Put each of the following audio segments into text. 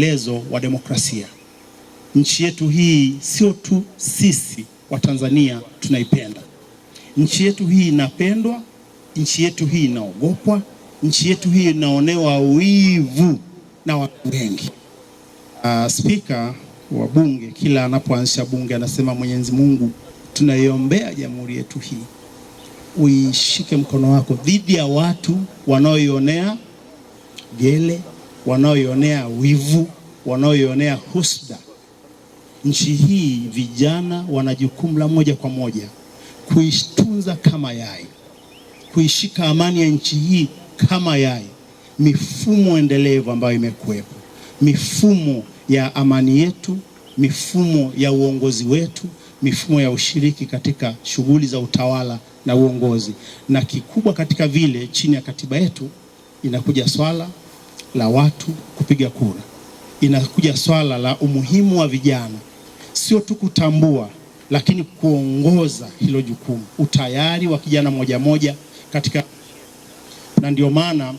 Mwendelezo wa demokrasia. Nchi yetu hii sio tu sisi wa Tanzania tunaipenda. Nchi yetu hii inapendwa, nchi yetu hii inaogopwa, nchi yetu hii inaonewa wivu na watu wengi. Uh, spika wa bunge kila anapoanzisha bunge anasema, Mwenyezi Mungu tunaiombea jamhuri yetu hii, uishike mkono wako dhidi ya watu wanaoionea gele wanaoionea wivu, wanaoionea husda. Nchi hii vijana wana jukumu la moja kwa moja kuitunza kama yai, kuishika amani ya nchi hii kama yai. Mifumo endelevu ambayo imekuwepo, mifumo ya amani yetu, mifumo ya uongozi wetu, mifumo ya ushiriki katika shughuli za utawala na uongozi, na kikubwa katika vile chini ya katiba yetu inakuja swala la watu kupiga kura, inakuja swala la umuhimu wa vijana, sio tu kutambua, lakini kuongoza hilo jukumu, utayari wa kijana moja moja katika. Na ndio maana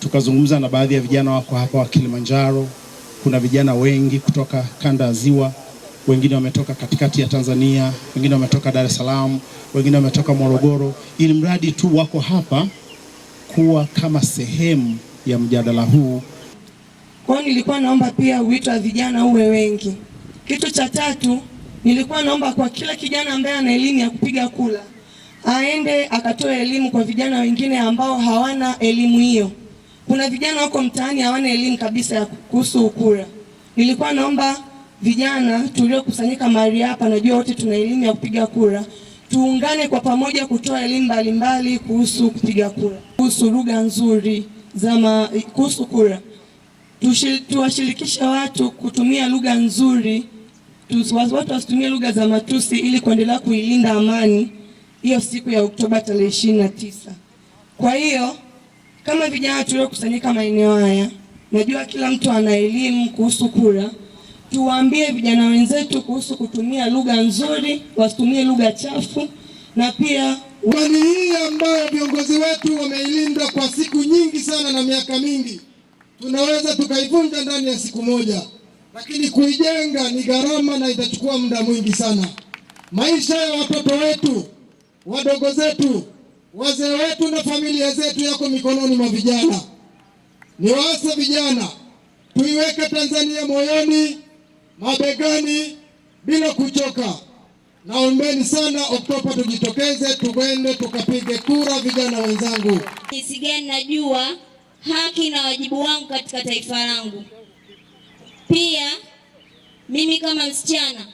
tukazungumza na baadhi ya vijana wako hapa wa Kilimanjaro. Kuna vijana wengi kutoka kanda ya Ziwa, wengine wametoka katikati ya Tanzania, wengine wametoka Dar es Salaam, wengine wametoka Morogoro, ili mradi tu wako hapa kuwa kama sehemu ya mjadala huu. Kwa hiyo nilikuwa naomba pia wito wa vijana uwe wengi. Kitu cha tatu, nilikuwa naomba kwa kila kijana ambaye ana elimu ya kupiga kula aende akatoe elimu kwa vijana wengine ambao hawana elimu hiyo. Kuna vijana wako mtaani hawana elimu kabisa ya kuhusu ukura. Nilikuwa naomba vijana tuliokusanyika mahali hapa, najua wote tuna elimu ya kupiga kura, tuungane kwa pamoja kutoa elimu mbalimbali kuhusu kupiga kura, kuhusu lugha nzuri za kuhusu kura, tuwashirikishe watu kutumia lugha nzuri, watu wasitumie lugha za matusi, ili kuendelea kuilinda amani hiyo siku ya Oktoba tarehe ishirini na tisa. Kwa hiyo kama vijana tuliokusanyika maeneo haya, najua kila mtu ana elimu kuhusu kura. Tuwaambie vijana wenzetu kuhusu kutumia lugha nzuri, wasitumie lugha chafu na pia ambayo viongozi wetu wameilinda kwa siku nyingi sana na miaka mingi, tunaweza tukaivunja ndani ya siku moja, lakini kuijenga ni gharama na itachukua muda mwingi sana. Maisha ya watoto wetu, wadogo zetu, wazee wetu na familia zetu yako mikononi mwa vijana. ni wasa vijana, tuiweke Tanzania moyoni, mabegani, bila kuchoka. Naombeni sana Oktoba tujitokeze, tuende tukapige kura, vijana wenzangu. Jinsi gani najua haki na wajibu wangu katika taifa langu. Pia mimi kama msichana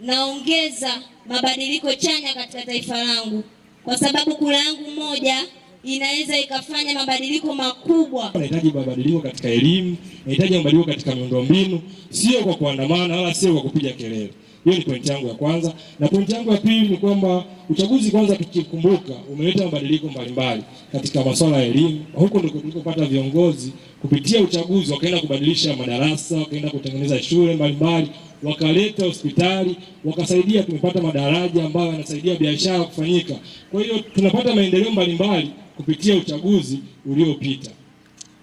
naongeza mabadiliko chanya katika taifa langu, kwa sababu kura yangu moja inaweza ikafanya mabadiliko makubwa. Nahitaji mabadiliko katika elimu, nahitaji mabadiliko katika miundombinu, sio kwa kuandamana wala sio kwa kupiga kelele. Hiyo ni pointi yangu ya kwanza, na pointi yangu ya pili ni kwamba uchaguzi kwanza, tukikumbuka, umeleta mabadiliko mbalimbali katika masuala ya elimu. Huko ndiko tulikopata viongozi kupitia uchaguzi, wakaenda kubadilisha madarasa, wakaenda kutengeneza shule mbalimbali, wakaleta hospitali, wakasaidia. Tumepata madaraja ambayo yanasaidia biashara kufanyika. Kwa hiyo tunapata maendeleo mbalimbali kupitia uchaguzi uliopita.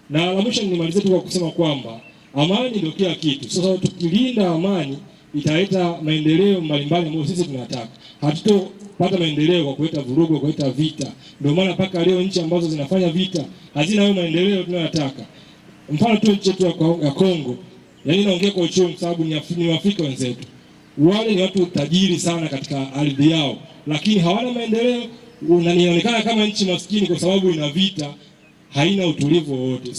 Na la mwisho nimalizie tu kwa kusema kwamba amani ndio kila kitu. Sasa tukilinda amani italeta maendeleo mbalimbali ambayo sisi tunataka. Hatutopata maendeleo kwa kuleta vurugu, kwa kuleta vita. Ndio maana mpaka leo nchi ambazo zinafanya vita hazina hayo maendeleo tunayotaka. Mfano tu nchi yetu ya Kongo, yaani naongea kwa uchungu sababu ni Afrika wenzetu. Wale ni watu tajiri sana katika ardhi yao, lakini hawana maendeleo unanionekana kama nchi maskini kwa sababu ina vita, haina utulivu wowote.